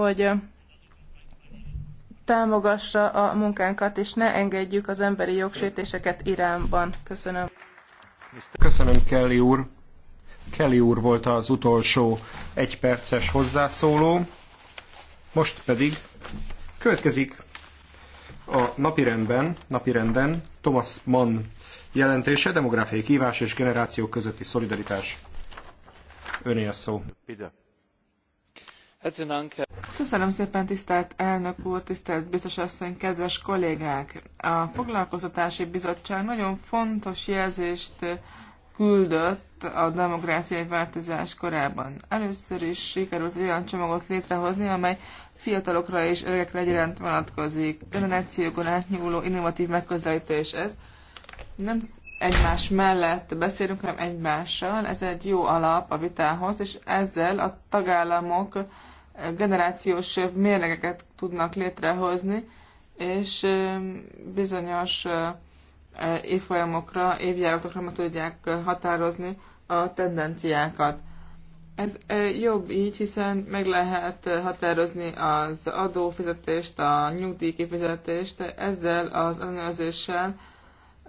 hogy támogassa a munkánkat, és ne engedjük az emberi jogsértéseket Iránban. Köszönöm. Köszönöm, Kelly úr. Kelly úr volt az utolsó egyperces hozzászóló. Most pedig következik a napirendben, napirenden Thomas Mann jelentése, demográfiai kívás és generációk közötti szolidaritás. Öné a szó. Bitte. Köszönöm szépen, tisztelt elnök úr, tisztelt biztos asszony, kedves kollégák! A Foglalkoztatási Bizottság nagyon fontos jelzést küldött a demográfiai változás korában. Először is sikerült olyan csomagot létrehozni, amely fiatalokra és öregekre egyaránt vonatkozik. Generációkon átnyúló innovatív megközelítés ez. Nem egymás mellett beszélünk, hanem egymással. Ez egy jó alap a vitához, és ezzel a tagállamok generációs mérlegeket tudnak létrehozni, és bizonyos évfolyamokra, évjáratokra meg tudják határozni a tendenciákat. Ez jobb így, hiszen meg lehet határozni az adófizetést, a nyugdíjkifizetést, ezzel az ellenőrzéssel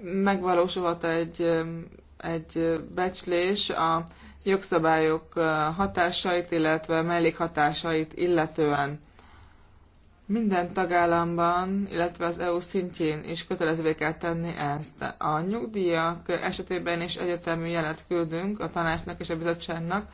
megvalósulhat egy, egy becslés a jogszabályok hatásait, illetve mellékhatásait illetően. Minden tagállamban, illetve az EU szintjén is kötelezővé kell tenni ezt. A nyugdíjak esetében is egyetemű jelet küldünk a tanácsnak és a bizottságnak.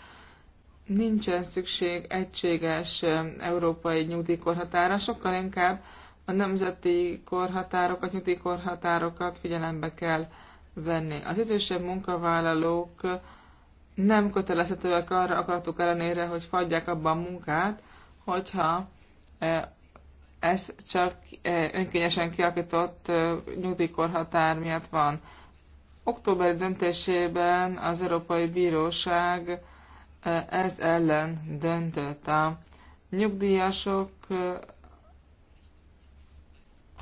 Nincsen szükség egységes európai nyugdíjkorhatára, sokkal inkább a nemzeti korhatárokat, nyugdíjkorhatárokat figyelembe kell venni. Az idősebb munkavállalók nem kötelezhetőek arra akaratuk ellenére, hogy fagyják abban a munkát, hogyha e, ez csak e, önkényesen kialakított e, nyugdíjkorhatár miatt van. Októberi döntésében az Európai Bíróság ez ellen döntött. A nyugdíjasok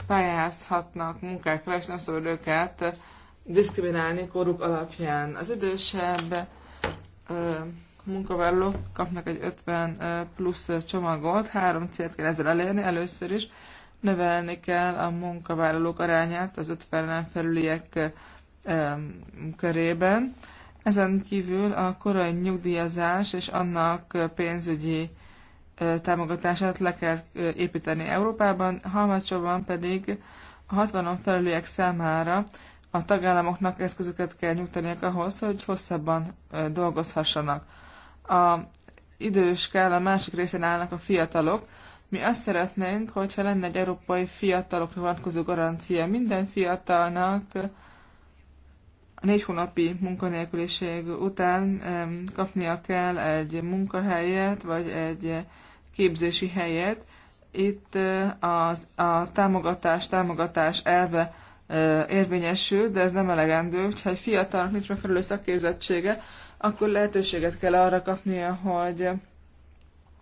pályázhatnak munkákra, és nem szabad őket diszkriminálni koruk alapján. Az idősebb munkavállalók kapnak egy 50 plusz csomagot, három célt kell ezzel elérni. Először is növelni kell a munkavállalók arányát az 50 felüliek körében. Ezen kívül a korai nyugdíjazás és annak pénzügyi támogatását le kell építeni Európában, Halmacsóban pedig a 60-on felüliek számára a tagállamoknak eszközöket kell nyújtaniak ahhoz, hogy hosszabban dolgozhassanak. A a másik részén állnak a fiatalok. Mi azt szeretnénk, hogyha lenne egy európai fiatalokra vonatkozó garancia minden fiatalnak a négy hónapi munkanélküliség után kapnia kell egy munkahelyet, vagy egy képzési helyet. Itt az, a támogatás, támogatás elve érvényesül, de ez nem elegendő. hogyha egy fiatalnak nincs megfelelő szakképzettsége, akkor lehetőséget kell arra kapnia, hogy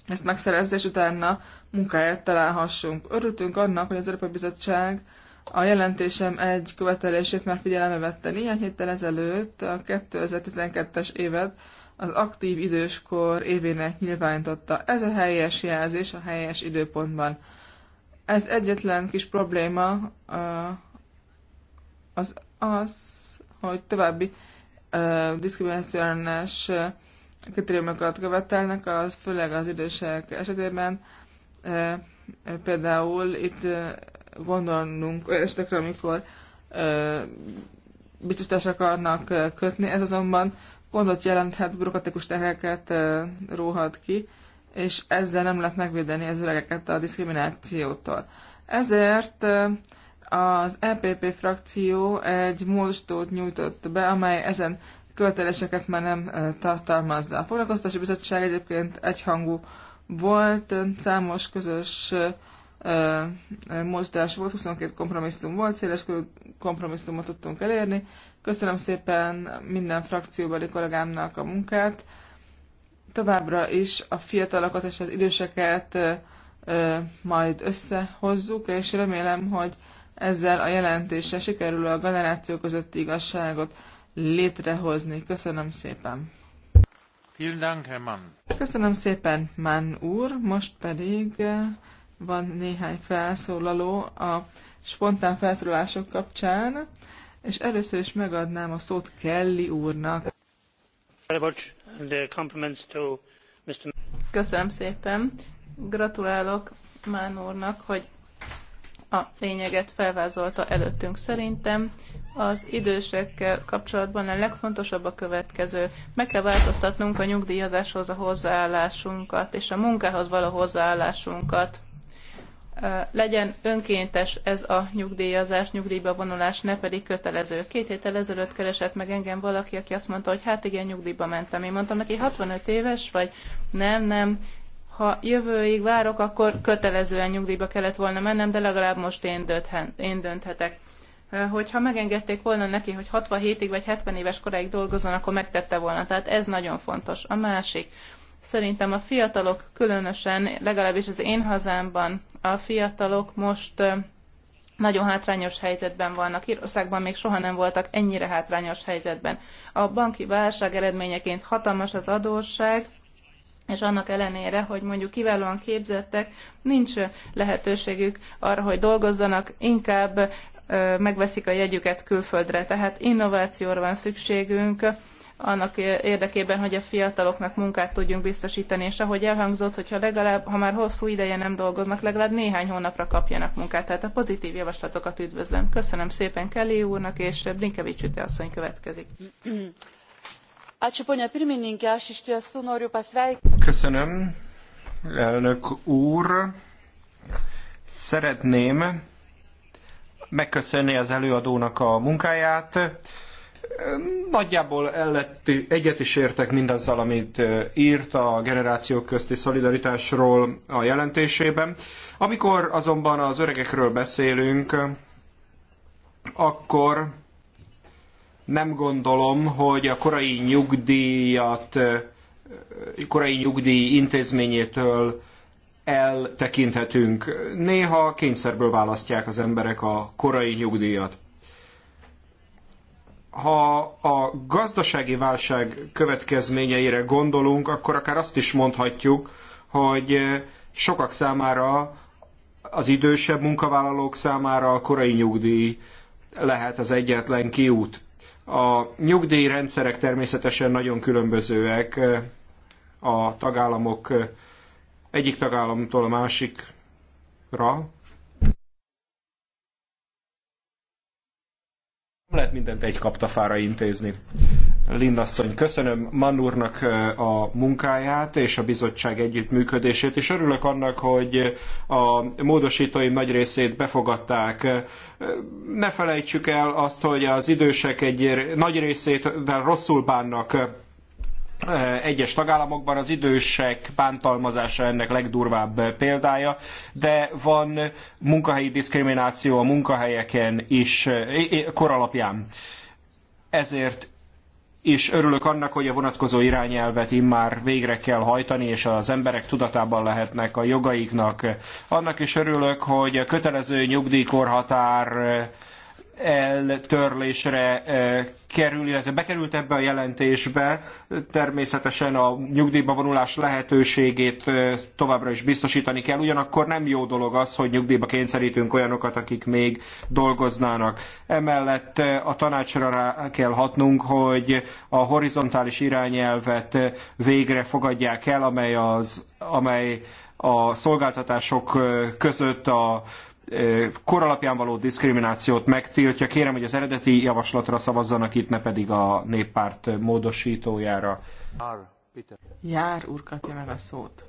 ezt megszerezze, és utána munkáját találhassunk. Örültünk annak, hogy az Európai Bizottság a jelentésem egy követelését már figyelembe vette néhány héttel ezelőtt, a 2012-es évet az aktív időskor évének nyilvánította. Ez a helyes jelzés a helyes időpontban. Ez egyetlen kis probléma az az, hogy további ö, diszkriminációs kritériumokat követelnek, az főleg az idősek esetében. Ö, például itt ö, gondolnunk olyan esetekre, amikor ö, biztosítás akarnak kötni, ez azonban gondot jelenthet, bürokratikus terheket róhat ki, és ezzel nem lehet megvédeni az öregeket a diszkriminációtól. Ezért az EPP frakció egy módosítót nyújtott be, amely ezen követeléseket már nem tartalmazza. A foglalkoztatási bizottság egyébként egyhangú volt, számos közös mozdás volt, 22 kompromisszum volt, széles kompromisszumot tudtunk elérni. Köszönöm szépen minden frakcióbeli kollégámnak a munkát. Továbbra is a fiatalokat és az időseket majd összehozzuk, és remélem, hogy ezzel a jelentése sikerül a generáció közötti igazságot létrehozni. Köszönöm szépen! Köszönöm szépen, Mann úr. Most pedig eh, van néhány felszólaló a spontán felszólalások kapcsán, és először is megadnám a szót Kelly úrnak. Köszönöm szépen. Gratulálok Mán úrnak, hogy a lényeget felvázolta előttünk szerintem. Az idősekkel kapcsolatban a legfontosabb a következő. Meg kell változtatnunk a nyugdíjazáshoz a hozzáállásunkat és a munkához való hozzáállásunkat. Legyen önkéntes ez a nyugdíjazás, nyugdíjba vonulás, ne pedig kötelező. Két héttel ezelőtt keresett meg engem valaki, aki azt mondta, hogy hát igen, nyugdíjba mentem. Én mondtam neki, 65 éves vagy? Nem, nem, ha jövőig várok, akkor kötelezően nyugdíjba kellett volna mennem, de legalább most én, dönthen, én dönthetek. Hogyha megengedték volna neki, hogy 67-ig vagy 70 éves koráig dolgozzon, akkor megtette volna. Tehát ez nagyon fontos. A másik, szerintem a fiatalok különösen, legalábbis az én hazámban a fiatalok most nagyon hátrányos helyzetben vannak. Írországban még soha nem voltak ennyire hátrányos helyzetben. A banki válság eredményeként hatalmas az adósság, és annak ellenére, hogy mondjuk kiválóan képzettek, nincs lehetőségük arra, hogy dolgozzanak, inkább megveszik a jegyüket külföldre. Tehát innovációra van szükségünk, annak érdekében, hogy a fiataloknak munkát tudjunk biztosítani, és ahogy elhangzott, hogyha legalább, ha már hosszú ideje nem dolgoznak, legalább néhány hónapra kapjanak munkát. Tehát a pozitív javaslatokat üdvözlöm. Köszönöm szépen Kelly úrnak, és Brinkevics Üte asszony következik. Ačiū, ponia pirmininkė, aš iš tiesų noriu pasveikinti. Köszönöm, elnök úr. Szeretném megköszönni az előadónak a munkáját. Nagyjából egyet is értek mindazzal, amit írt a generációk közti szolidaritásról a jelentésében. Amikor azonban az öregekről beszélünk, akkor nem gondolom, hogy a korai nyugdíjat korai nyugdíj intézményétől eltekinthetünk. Néha kényszerből választják az emberek a korai nyugdíjat. Ha a gazdasági válság következményeire gondolunk, akkor akár azt is mondhatjuk, hogy sokak számára, az idősebb munkavállalók számára a korai nyugdíj lehet az egyetlen kiút. A nyugdíjrendszerek természetesen nagyon különbözőek a tagállamok egyik tagállamtól a másikra. Nem lehet mindent egy kaptafára intézni. Lindasszony, köszönöm Manurnak a munkáját és a bizottság együttműködését, és örülök annak, hogy a módosítóim nagy részét befogadták. Ne felejtsük el azt, hogy az idősek egy nagy részétvel rosszul bánnak egyes tagállamokban az idősek bántalmazása ennek legdurvább példája, de van munkahelyi diszkrimináció a munkahelyeken is e, e, kor alapján. Ezért és örülök annak, hogy a vonatkozó irányelvet immár végre kell hajtani, és az emberek tudatában lehetnek a jogaiknak. Annak is örülök, hogy a kötelező nyugdíjkorhatár eltörlésre e, kerül, illetve bekerült ebbe a jelentésbe, természetesen a nyugdíjba vonulás lehetőségét e, továbbra is biztosítani kell, ugyanakkor nem jó dolog az, hogy nyugdíjba kényszerítünk olyanokat, akik még dolgoznának. Emellett e, a tanácsra rá kell hatnunk, hogy a horizontális irányelvet végre fogadják el, amely, az, amely a szolgáltatások között a kor alapján való diszkriminációt megtiltja. Kérem, hogy az eredeti javaslatra szavazzanak itt, ne pedig a néppárt módosítójára. Jár úr kapja meg a szót.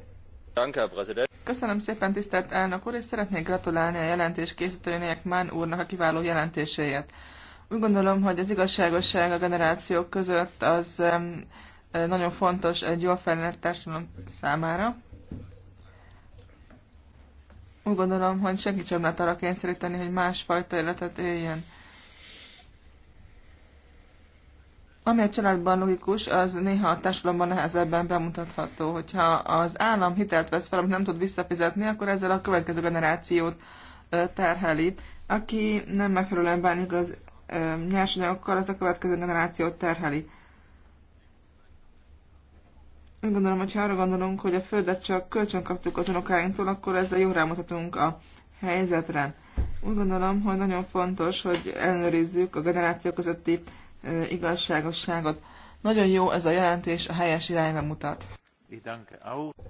Köszönöm szépen, tisztelt elnök úr, és szeretnék gratulálni a jelentés készítőjének Mán úrnak a kiváló jelentéséért. Úgy gondolom, hogy az igazságosság a generációk között az nagyon fontos egy jól felnőtt társadalom számára. Úgy gondolom, hogy senki sem lehet arra kényszeríteni, hogy másfajta életet éljen. Ami a családban logikus, az néha a társadalomban nehezebben bemutatható. Hogyha az állam hitelt vesz fel, amit nem tud visszafizetni, akkor ezzel a következő generációt terheli. Aki nem megfelelően bánik az nyersanyagokkal, az a következő generációt terheli. Én gondolom, hogy ha arra gondolunk, hogy a földet csak kölcsön kaptuk az unokáinktól, akkor ezzel jól rámutatunk a helyzetre. Úgy gondolom, hogy nagyon fontos, hogy ellenőrizzük a generáció közötti igazságosságot. Nagyon jó ez a jelentés, a helyes irányba mutat.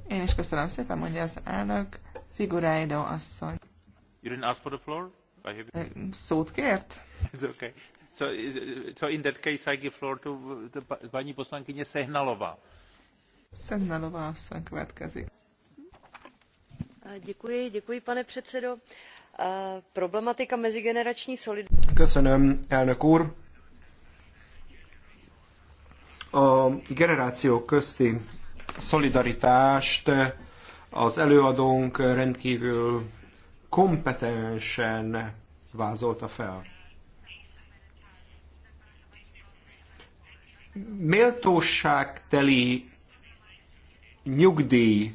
Én is köszönöm szépen, mondja az elnök. Figuráidó asszony. You didn't ask for the floor? I have... Szót kért? It's okay. So, so in that case I give floor to, the, pani poslankyně Sehnalová. Szennelova asszony következik. Eh, děkuji, děkuji, pane předsedo. Eh, problematika mezigenerační solidarity. Köszönöm, elnök úr. A generációk közti szolidaritást az előadónk rendkívül kompetensen vázolta fel. méltóságteli nyugdíj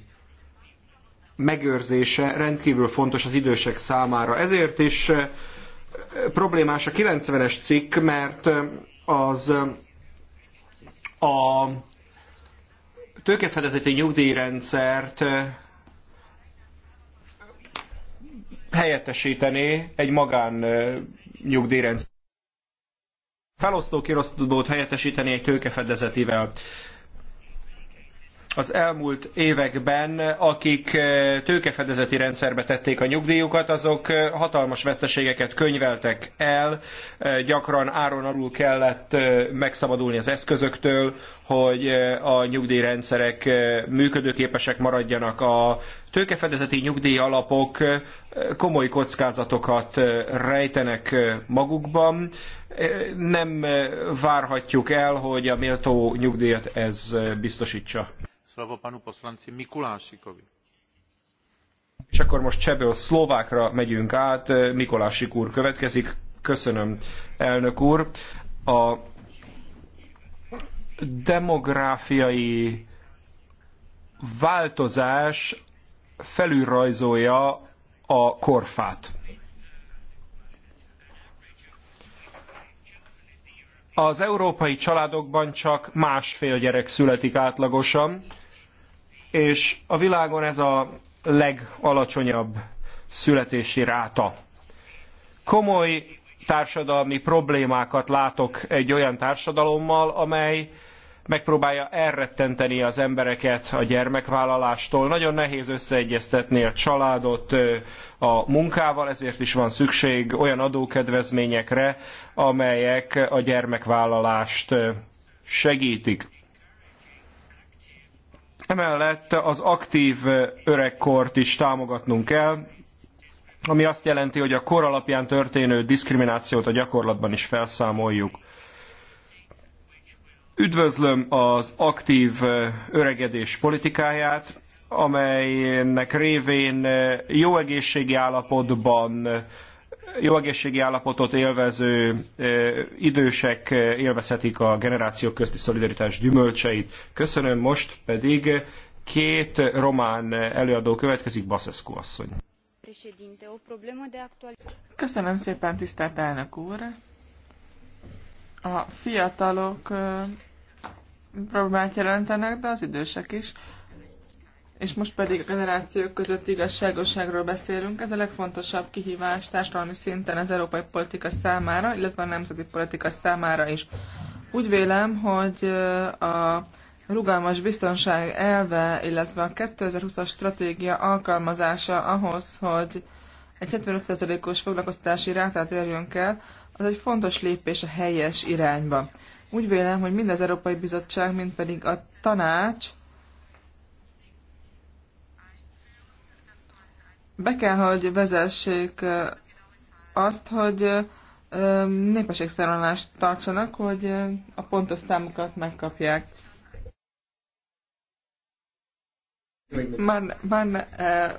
megőrzése rendkívül fontos az idősek számára. Ezért is eh, problémás a 90-es cikk, mert eh, az eh, a tőkefedezeti nyugdíjrendszert helyettesítené egy magán nyugdíjrendszer. Felosztó kirosztódót helyettesíteni egy tőkefedezetivel az elmúlt években, akik eh, tőkefedezeti rendszerbe tették a nyugdíjukat, azok eh, hatalmas veszteségeket könyveltek el, eh, gyakran áron alul kellett megszabadulni az eszközöktől, hogy a nyugdíjrendszerek működőképesek maradjanak. A tőkefedezeti nyugdíj alapok komoly kockázatokat rejtenek magukban. Nem várhatjuk el, hogy a méltó nyugdíjat ez biztosítsa. És akkor most csebből szlovákra megyünk át, Mikolásik úr következik. Köszönöm, elnök úr. A demográfiai változás felülrajzolja a korfát. Az európai családokban csak másfél gyerek születik átlagosan, és a világon ez a legalacsonyabb születési ráta. Komoly társadalmi problémákat látok egy olyan társadalommal, amely megpróbálja elrettenteni az embereket a gyermekvállalástól. Nagyon nehéz összeegyeztetni a családot a munkával, ezért is van szükség olyan adókedvezményekre, amelyek a gyermekvállalást segítik. Emellett az aktív öregkort is támogatnunk kell, ami azt jelenti, hogy a kor alapján történő diszkriminációt a gyakorlatban is felszámoljuk. Üdvözlöm az aktív öregedés politikáját, amelynek révén jó egészségi állapotban jó egészségi állapotot élvező idősek élvezhetik a generációk közti szolidaritás gyümölcseit. Köszönöm, most pedig két román előadó következik, Baszeszko asszony. Köszönöm szépen, tisztelt elnök úr! A fiatalok problémát jelentenek, de az idősek is és most pedig a generációk közötti igazságosságról beszélünk. Ez a legfontosabb kihívás társadalmi szinten az európai politika számára, illetve a nemzeti politika számára is. Úgy vélem, hogy a rugalmas biztonság elve, illetve a 2020-as stratégia alkalmazása ahhoz, hogy egy 75%-os foglalkoztatási rátát érjünk el, az egy fontos lépés a helyes irányba. Úgy vélem, hogy mind az Európai Bizottság, mind pedig a tanács be kell, hogy vezessék azt, hogy népességszárolást tartsanak, hogy a pontos számokat megkapják. Már Barne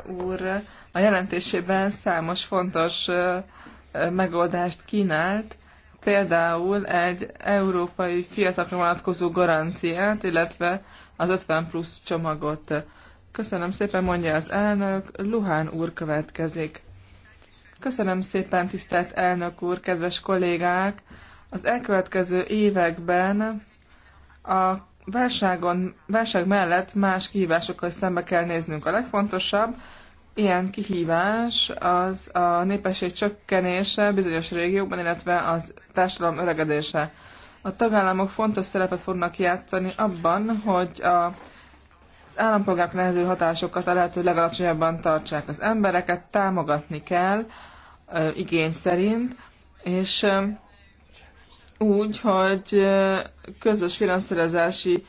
úr a jelentésében számos fontos megoldást kínált, például egy európai fiatalra vonatkozó garanciát, illetve az 50 plusz csomagot. Köszönöm szépen, mondja az elnök. Luhán úr következik. Köszönöm szépen, tisztelt elnök úr, kedves kollégák! Az elkövetkező években a válságon, válság mellett más kihívásokkal szembe kell néznünk. A legfontosabb ilyen kihívás az a népesség csökkenése bizonyos régiókban, illetve az társadalom öregedése. A tagállamok fontos szerepet fognak játszani abban, hogy a az állampolgárok nehező hatásokat a lehető legalacsonyabban tartsák. Az embereket támogatni kell igény szerint, és úgy, hogy közös finanszírozási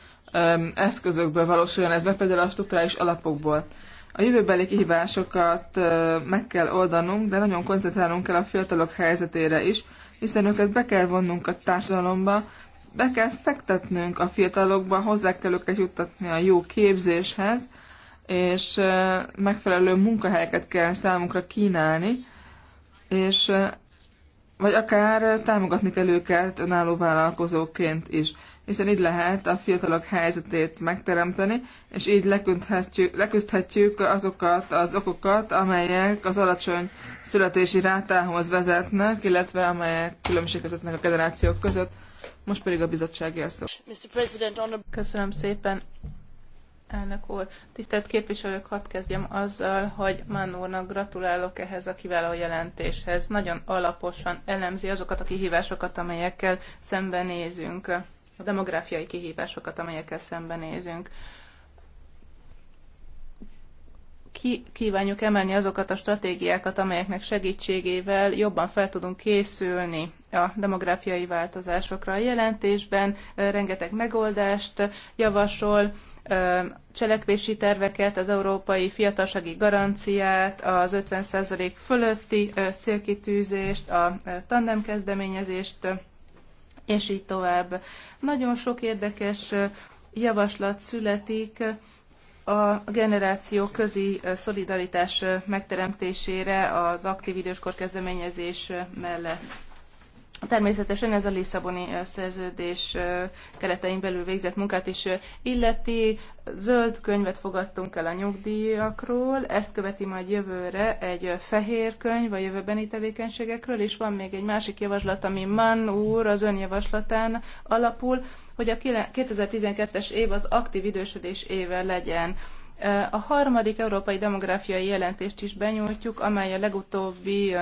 eszközökből valósuljon ez meg, például a strukturális alapokból. A jövőbeli kihívásokat meg kell oldanunk, de nagyon koncentrálnunk kell a fiatalok helyzetére is, hiszen őket be kell vonnunk a társadalomba, be kell fektetnünk a fiatalokba, hozzá kell őket juttatni a jó képzéshez, és megfelelő munkahelyeket kell számunkra kínálni, és vagy akár támogatni kell őket önálló vállalkozóként is, hiszen így lehet a fiatalok helyzetét megteremteni, és így leküzdhetjük, leküzdhetjük azokat az okokat, amelyek az alacsony születési rátához vezetnek, illetve amelyek különbségvezetnek a generációk között. Most pedig a bizottság szó. Köszönöm szépen, elnök úr. Tisztelt képviselők, hadd kezdjem azzal, hogy Mann úrnak gratulálok ehhez a kiváló jelentéshez. Nagyon alaposan elemzi azokat a kihívásokat, amelyekkel szembenézünk a demográfiai kihívásokat, amelyekkel szembenézünk ki kívánjuk emelni azokat a stratégiákat, amelyeknek segítségével jobban fel tudunk készülni a demográfiai változásokra. A jelentésben rengeteg megoldást javasol, cselekvési terveket, az európai fiatalsági garanciát, az 50% fölötti célkitűzést, a tandem kezdeményezést, és így tovább. Nagyon sok érdekes javaslat születik, a generáció közi szolidaritás megteremtésére az aktív időskor kezdeményezés mellett. Természetesen ez a Lisszaboni szerződés keretein belül végzett munkát is illeti. Zöld könyvet fogadtunk el a nyugdíjakról, ezt követi majd jövőre egy fehér könyv a jövőbeni tevékenységekről, és van még egy másik javaslat, ami Mann úr az önjavaslatán alapul, hogy a 2012-es év az aktív idősödés éve legyen. A harmadik európai demográfiai jelentést is benyújtjuk, amely a legutóbbi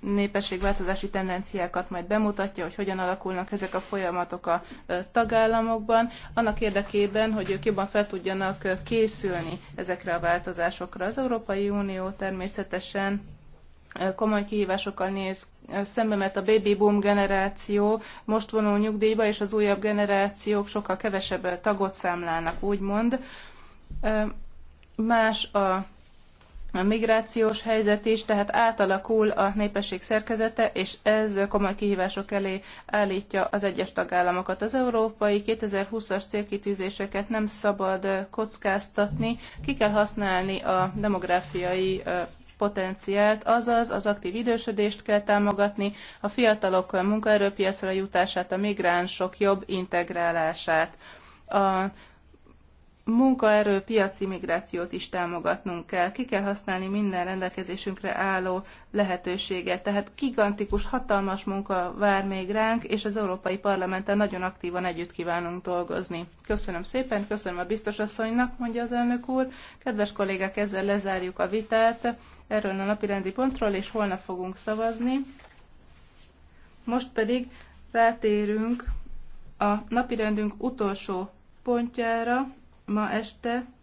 népességváltozási tendenciákat majd bemutatja, hogy hogyan alakulnak ezek a folyamatok a tagállamokban, annak érdekében, hogy ők jobban fel tudjanak készülni ezekre a változásokra. Az Európai Unió természetesen komoly kihívásokkal néz szembe, mert a baby boom generáció most vonul nyugdíjba, és az újabb generációk sokkal kevesebb tagot számlálnak, úgymond Más a a migrációs helyzet is, tehát átalakul a népesség szerkezete, és ez komoly kihívások elé állítja az egyes tagállamokat. Az európai 2020-as célkitűzéseket nem szabad kockáztatni, ki kell használni a demográfiai potenciált, azaz az aktív idősödést kell támogatni, a fiatalok munkaerőpiacra jutását, a migránsok jobb integrálását. A Munkaerő piaci migrációt is támogatnunk kell. Ki kell használni minden rendelkezésünkre álló lehetőséget. Tehát gigantikus, hatalmas munka vár még ránk, és az Európai Parlamenten nagyon aktívan együtt kívánunk dolgozni. Köszönöm szépen, köszönöm a biztos asszonynak, mondja az elnök úr. Kedves kollégák, ezzel lezárjuk a vitát erről a napirendi pontról, és holnap fogunk szavazni. Most pedig rátérünk a napirendünk utolsó pontjára, ma este